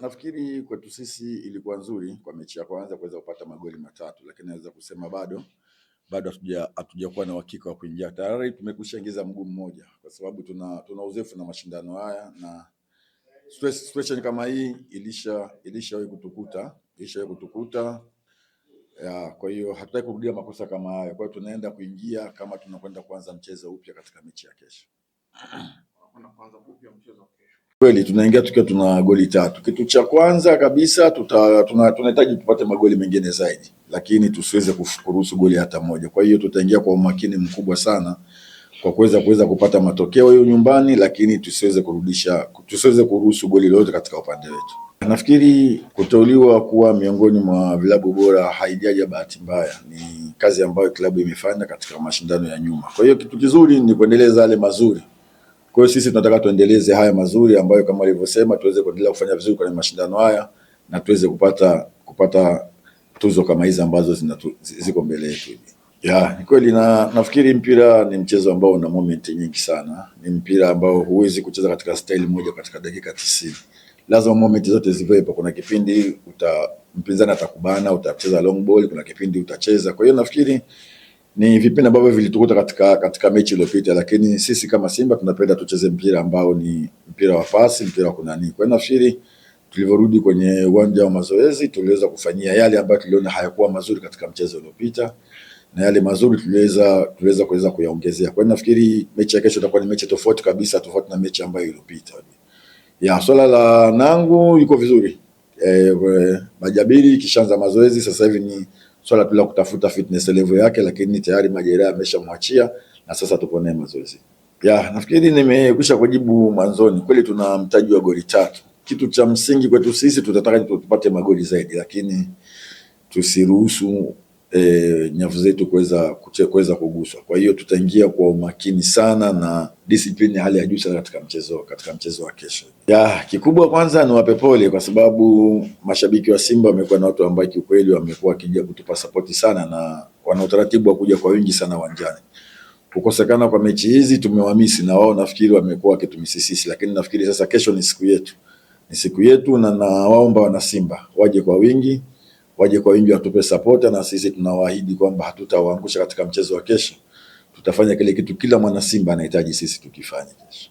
Nafikiri kwetu sisi ilikuwa nzuri kwa mechi ya kwanza kuweza kupata magoli matatu, lakini naweza kusema bado bado hatujakuwa na uhakika wa kuingia. Tayari tumekwisha ingiza mguu mmoja, kwa sababu tuna, tuna uzoefu na mashindano haya na situation kama hii ilisha ilishawahi kutukuta ilishawahi kutukuta ya, kwa hiyo hatutaki kurudia makosa kama haya. Kwa hiyo tunaenda kuingia kama tunakwenda kuanza mchezo upya katika mechi ya kesho. Kweli tunaingia tukiwa tuna goli tatu. Kitu cha kwanza kabisa tunahitaji tuna tupate magoli mengine zaidi, lakini tusiweze kuruhusu goli hata moja. Kwa hiyo tutaingia kwa umakini mkubwa sana kwa kuweza kuweza kupata matokeo hiyo nyumbani, lakini tusiweze kurudisha tusiweze kuruhusu goli lolote katika upande wetu. Nafikiri kuteuliwa kuwa miongoni mwa vilabu bora haijaja bahati mbaya, ni kazi ambayo klabu imefanya katika mashindano ya nyuma. Kwa hiyo kitu kizuri ni kuendeleza yale mazuri. Kwa hiyo sisi tunataka tuendeleze haya mazuri ambayo kama alivyosema, tuweze kuendelea kufanya vizuri kwenye mashindano haya na tuweze kupata kupata tuzo kama hizi ambazo ziko mbele yetu. Ya, ni kweli na nafikiri mpira ni mchezo ambao una moment nyingi sana. Ni mpira ambao huwezi kucheza katika style moja katika dakika 90. Lazima moment zote ziwepo. Kuna kipindi uta mpinzani atakubana, utacheza long ball, kuna kipindi utacheza. Kwa hiyo nafikiri ni vipindi ambavyo vilitukuta katika, katika mechi iliyopita, lakini sisi kama Simba tunapenda tucheze mpira ambao ni mpira wa fasi, mpira wa kunani. Kwa hiyo nafikiri tulivyorudi kwenye uwanja wa mazoezi tuliweza kufanyia yale ambayo tuliona hayakuwa mazuri katika mchezo uliopita na yale mazuri tuliweza tuliweza kuweza kuyaongezea. Kwa hiyo nafikiri mechi ya kesho itakuwa ni mechi tofauti kabisa, tofauti na mechi ambayo iliyopita. Ya swala la Nangu yuko vizuri e, majabiri kishaanza mazoezi sasa hivi ni swala tu la kutafuta fitness level yake, lakini tayari majeraha yameshamwachia na sasa tupo naye mazoezi. Ya, nafikiri nimekwisha kujibu mwanzoni. Kweli tuna mtaji wa goli tatu. Kitu cha msingi kwetu sisi tutataka tupate magoli zaidi, lakini tusiruhusu e, nyavu zetu kuweza kuweza kuguswa. Kwa hiyo tutaingia kwa umakini sana na discipline ya hali ya juu sana katika mchezo katika mchezo wa kesho. Ya kikubwa kwanza ni wape pole, kwa sababu mashabiki wa Simba wamekuwa na watu ambao kiukweli wamekuwa wakija kutupa sapoti sana na wana utaratibu wa kuja kwa wingi sana uwanjani. Kukosekana kwa mechi hizi tumewamisi, na wao nafikiri wamekuwa wakitumisi sisi, lakini nafikiri sasa kesho ni siku yetu, ni siku yetu, na nawaomba wana Simba waje kwa wingi waje kwa wingi watupe support, na sisi tunawaahidi kwamba hatutawaangusha katika mchezo wa kesho. Tutafanya kile kitu kila mwana Simba anahitaji sisi tukifanye kesho.